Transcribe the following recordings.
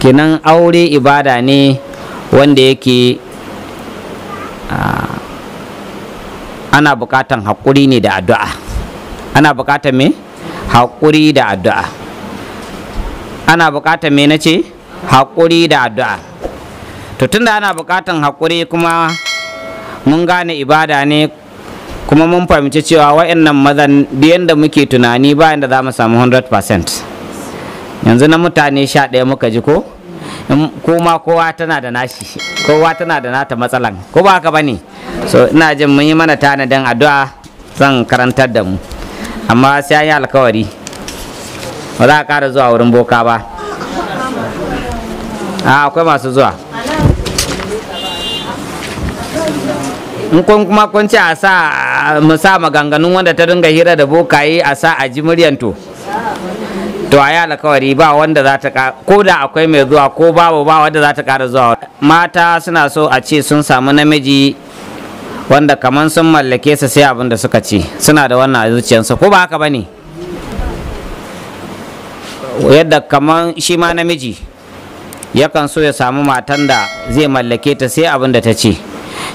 kenan aure ibada ne wanda yake ana bukatan haƙuri ne da addu'a ana bukatan me haƙuri da addu'a ana bukatan me na ce haƙuri da addu'a to tunda ana bukatan haƙuri kuma mun gane ibada ne kuma mun fahimci cewa wa'annan mazan biyan da muke tunani bayan da za mu samu 100% yanzu na mutane sha ɗaya muka ji ko kuma kowa tana da nashi kowa tana da nata matsalan ko ba haka bane so ina jin mun yi mana tanadin addu'a zan karantar da mu amma sai an yi alkawari ba za a ƙara zuwa wurin boka ba a akwai masu zuwa in kuma kun ce a sa mu sa maganganun wanda ta dinga hira da bokaye a sa a ji muryanto to a yi alkawari ba wanda za ta ko da akwai mai zuwa ko babu ba wanda za ta kara zuwa mata suna so a ce sun samu namiji wanda kaman sun mallake su sai abin da suka ci suna da wannan a ko ba haka ba ne yadda kaman shi ma namiji yakan so ya samu matan da zai mallake ta sai abin da ta ce,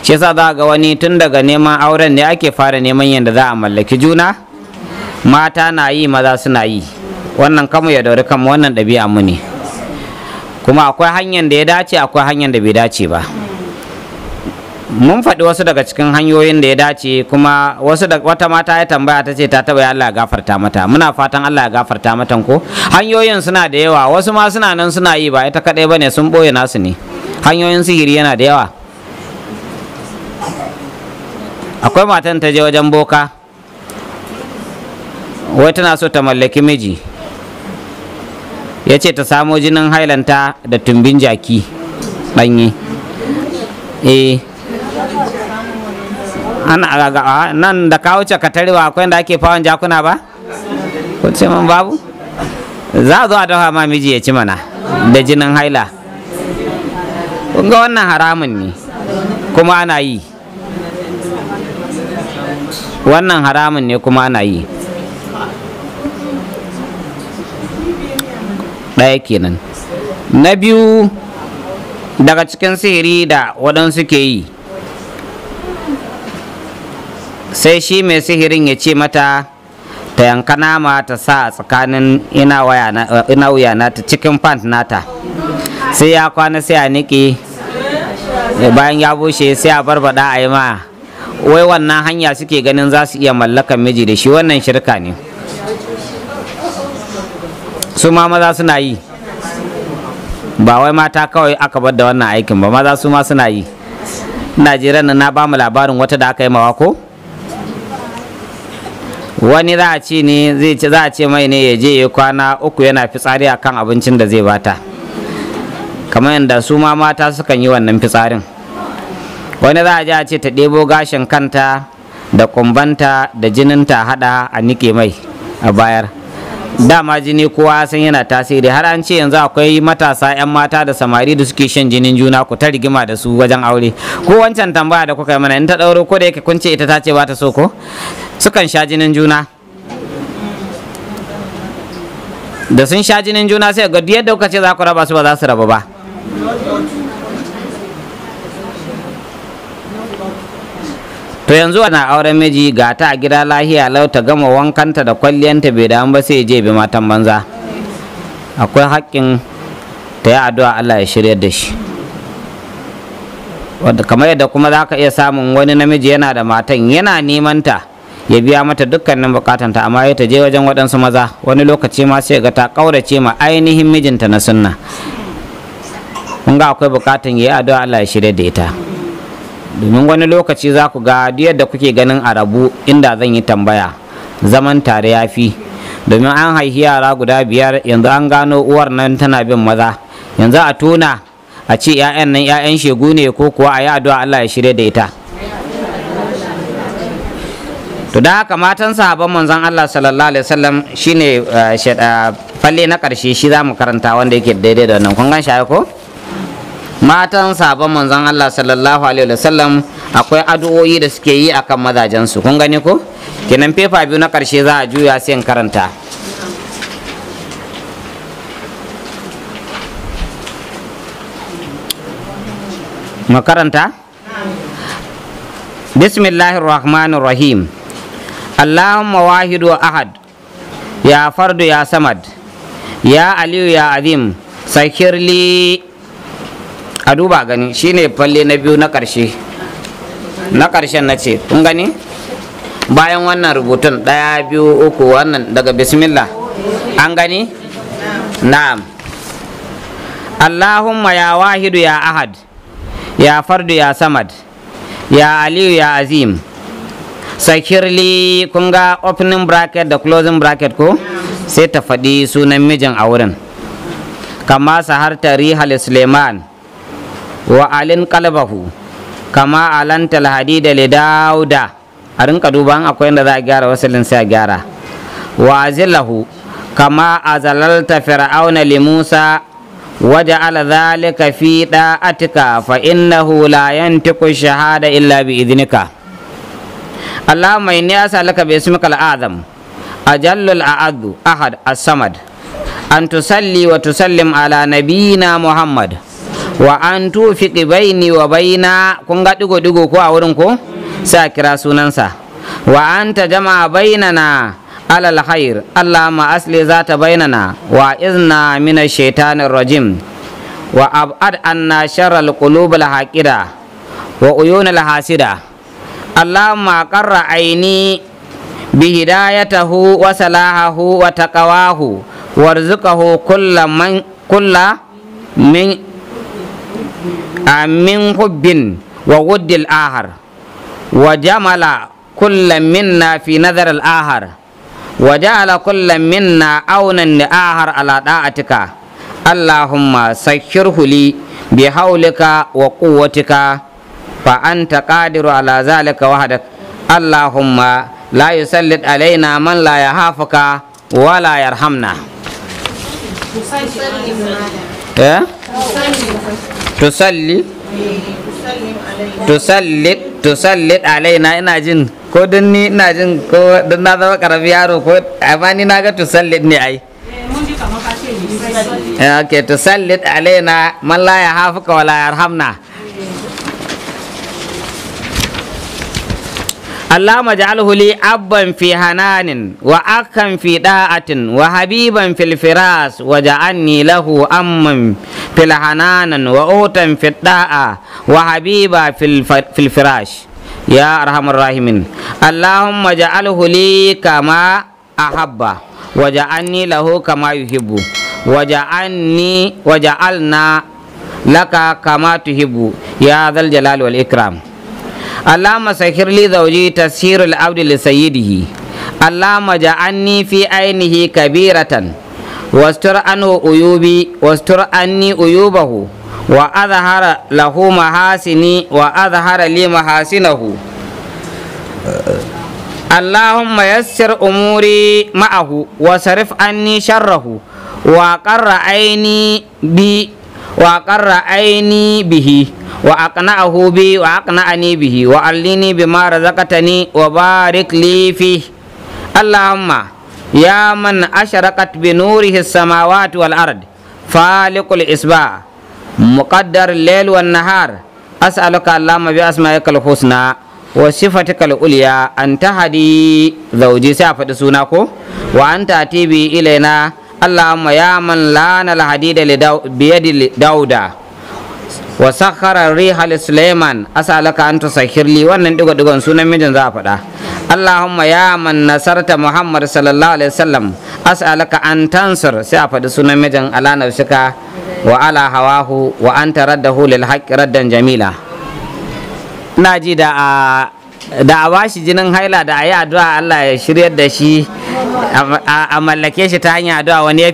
shi yasa za ga wani tun daga neman auren ne ake fara neman yadda za a mallaki juna mata na yi maza suna yi wannan kamu ya dauri kanmu wannan ɗabi'a mu ne kuma akwai hanyar da ya dace akwai hanyar da bai dace ba mun faɗi wasu daga cikin hanyoyin da ya dace kuma wasu da wata mata ya tambaya ta ce ta taɓa ya Allah gafarta mata muna fatan Allah ya gafarta mata ko hanyoyin suna da yawa wasu ma suna nan suna yi ba ita kaɗai ne sun ɓoye nasu ne hanyoyin sihiri yana da yawa akwai matan ta je wajen boka wai tana so ta mallaki miji ya ce ta samo jinin hailanta da tumbin jaki ɗanyi eh nan da ka wuce akwai da ake fawon jakuna ba ko man babu za a zo a dafa ma miji ya ci mana da jinin haila ga wannan haramun ne kuma ana yi wannan haramun ne kuma ana yi ɗaya kenan na biyu daga cikin sihiri da waɗansu ke yi sai shi mai sihirin ya ce mata ta yanka nama ta sa a tsakanin ina wuya ta cikin pant nata sai ya kwana sai a niƙe bayan ya bushe sai a barbada a yi ma wai wannan hanya suke ganin za su iya mallakan miji da shi wannan shirka ne su ma maza suna yi ba wai mata kawai aka bar da wannan aikin ba maza su ma suna yi najeriya na ba labarin wata da aka yi mawa ko wani za a ce ne zai ce za a ce mai ne ya je ya kwana uku yana fitsari akan abincin da zai bata kamar yadda su ma mata sukan yi wannan fitsarin wani za a je a ce ta ɗebo gashin kanta da kumbanta da jininta hada a nike mai a bayar dama jini kowa san yana tasiri har an ce yanzu akwai matasa 'yan mata da samari da suke shan jinin juna ku ta rigima da su wajen aure ko wancan tambaya da kuka yi mana in ta ɗauro ko da yake kun ce ita ta ce ba ta so ko sukan sha jinin juna da sun sha jinin juna sai ga yadda kuka ce za ku raba su ba za su raba ba to yanzu ana auren miji ga ta a gida lahiya lau ta gama wankanta da kwalliyanta bai damu ba sai je bi matan banza akwai haƙƙin ta yi addu'a Allah ya shirya da shi wadda kamar yadda kuma za ka iya samun wani namiji yana da matan yana neman ta ya biya mata dukkanin bukatanta amma yau ta je wajen waɗansu maza wani lokaci ma sai ga ta ƙaurace ma ainihin mijinta na sunna kun ga akwai bukatan ya yi addu'a Allah ya shirya da ita domin wani lokaci za ku ga yadda kuke ganin a rabu inda zan yi tambaya zaman tare ya fi domin an haihi yara guda biyar yanzu an gano uwar nan tana bin maza yanzu a tuna a ce 'ya'yan nan 'ya'yan shegu ne ko kuwa a yi addu'a Allah ya shirya da ita to da haka matan sahabban manzon Allah sallallahu alaihi wasallam shine eh, falle na karshe shi za mu karanta wanda yake daidai da wannan kun gan shi ko matan sabon manzon Allah sallallahu alaihi sallam akwai addu'o'i da suke yi akan mazajensu kun gani ko kenan fefa biyu na karshe za a juya sai in karanta makaranta bismillahir rahmanir rahim allahumma wahidu ahad ya fardu ya samad ya aliyu ya azim sakirli a duba gani shine falle na biyu na ƙarshe na ƙarshen na ce kun gani bayan wannan rubutun ɗaya biyu uku wannan daga bismillah an gani na'am allahumma ya wahidu ya ahad ya fardu ya samad ya aliyu ya azim sakirli kun ga opening bracket da closing bracket ko sai ta faɗi sunan mijin a wurin kama sahar rihal suleiman Wa'alin kalbahu kama alanta alhadida li dauda a rinka duban akwai inda za a gyara wasu sai a gyara wa kama azalalta fir'auna li musa waja'ala zalika fi da'atika fa innahu la yantiqu shahada illa bi idnika اللهم إني أسألك باسمك الأعظم Ahad, الأعد أحد الصمد أن wa وتسلم ala نبينا Muhammad. wa an ƙibai baini wa baina kun ga digo digo ko a wurin ko sai kira sunansa wa an ta jama'a bainana alal khair Allah ma asli za ta bainana wa izna mina shaitanin rajim wa ab'ad anna sharral qulubal haqida wa uyunal hasida Allah ma qarra aini bi hidayatahu wa salahahu wa taqawahu warzuqahu kullam man kulla min Amin hubbin wa wuddil ahar wa jamala kullum minna fi nazar al-ahar wa ja'ala kullum minna aunan li ahar ala da'atika allahumma sakhirhu huli bi haulika wa quwwatika fa anta qadiru ala zalika wahdak allahumma la yusallit alaina man la yahafuka wa la yarhamna tusalli tusallit tusallit alaina ina jin ko don ni ina jin ko don na zama karabi yaro ko amma ni na ga tusallit ne ai ok tusallit alaina man la ya hafuka wala yarhamna اللهم اجعله لي أبا في حنان وأخا في داعة وحبيبا في الفراس وجعلني له أما تلحنانا وأوتا في الطاعة وحبيبا في, في الفراش يا أرحم الراحمين اللهم اجعله لي كما أحب وجعلني له كما يحب وجعلني وجعلنا لك كما تحب يا ذا الجلال والإكرام اللهم سخر لي زوجي تسير العبد لسيده اللهم اجعلني في عينه كبيرة wastur anhu uyubi wastur anni uyubahu wa azhara lahu mahasini wa azhara li mahasinahu اللهم يسر أموري معه وصرف عني شره وقر عيني بي وقر عيني به وأقنعه بي وأقنعني به وعلني بما رزقتني وبارك لي فيه اللهم ya man asharaqat bi nurihi samawati wal ard faliqul isba muqaddar layl wan nahar as'aluka allahumma bi asma'ikal husna wa sifatikal ulya an tahdi zawji sai a faɗi suna ko wa anta atibi ilaina allahumma ya man lana al hadida bi yadi dauda wa sakhara riha li sulaiman as'aluka an tusakhir li wannan digo digon sunan mijin za a faɗa اللهم يا من نصرت محمد صلى الله عليه وسلم أسألك أن تنصر سيافة سنة مجن على نفسك وعلى هواه وأن ترده للحق ردا جميلا ناجي دا da a bashi jinin haila da a yi addu'a Allah ya shiryar da shi a mallake shi ta hanyar addu'a wani ya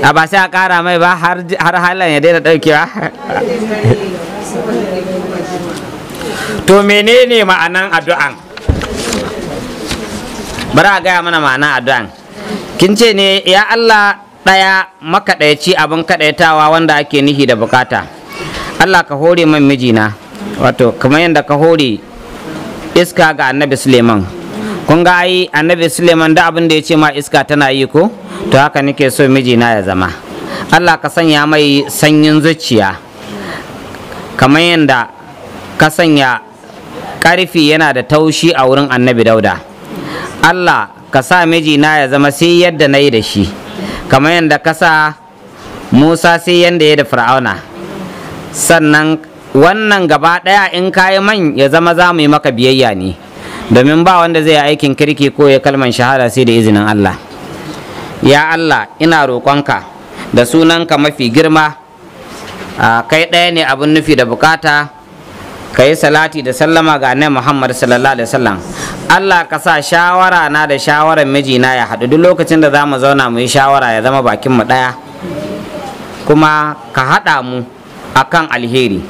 a ba sai a kara mai ba har halan ya daina daukewa to menene ma'anan addu'an bari a gaya mana ma'anan addu'an kin ce ne ya Allah ɗaya makaɗaici abin kaɗaitawa wanda ake nihi da bukata Allah ka hore man mijina wato kamar yadda ka hore iska ga annabi suleiman kun ga ai annabi suleiman da abin da ya ce ma iska tana yi ko to haka nake so mijina ya zama Allah ka sanya mai sanyin zuciya kamar yadda ka sanya ƙarfi yana da taushi a wurin annabi dauda allah ka sa mijina ya zama sai yadda na yi da shi kamar yadda ka sa musa sai yadda ya da fir'auna sannan wannan gaba ɗaya in kayi man ya zama za mu yi maka biyayya ne domin ba wanda zai yi aikin kirki ko ya kalman shahada sai da izinin allah ya allah ina roƙonka da sunanka mafi girma ah, kai ɗaya ne abin nufi da bukata ka yi salati da sallama ga annabi muhammad sallallahu alaihi wasallam allah ka sa shawara na da shawarar mijina ya haɗu duk lokacin da za mu zauna mu yi shawara ya zama bakin mu ɗaya kuma ka haɗa mu akan alheri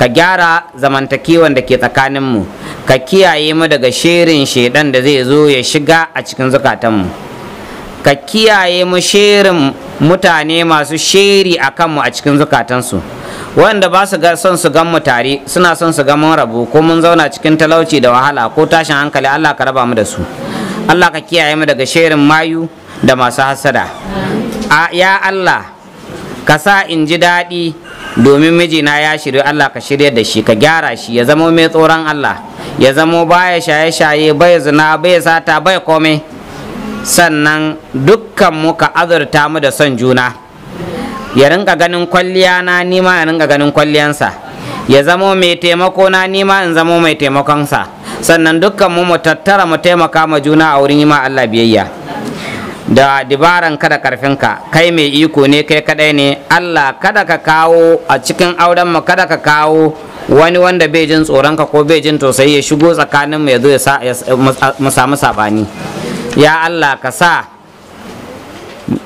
ka gyara zamantakewan da ke tsakanin mu, ka kiyaye mu daga shirin shaidan da zai zo ya shiga a cikin zukatanmu ka kiyaye mu shirin mutane masu shiri a kanmu a cikin zukatansu wanda ba su son su gan mu tare suna son su gan mun rabu ko mun zauna cikin talauci da wahala ko tashin hankali Allah ka raba mu da su Allah ka kiyaye mu daga sherin mayu da masu hasada ya Allah ka sa in ji daɗi domin mijina ya shirya Allah ka shirya da shi ka gyara shi ya zama mai tsoron Allah ya zama baya shaye-shaye bai zina bai sata bai komai sannan dukkan mu ka azurta mu da son juna ya rinka ganin kwalliya na nima ya rinka ganin kwalliyansa ya zamo mai taimako na nima in zamo mai taimakonsa sannan dukkan mu mu tattara mu taimaka ma juna a wurin yi ma Allah biyayya da dibaran kada da karfinka kai mai iko ne kai kadai ne Allah kada ka kawo a cikin auren mu kada ka kawo wani wanda bai jin tsoron ka ko bai jin tausayi ya shigo tsakanin mu ya zo mu samu sabani ya Allah ka sa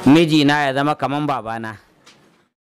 mijina ya zama kaman babana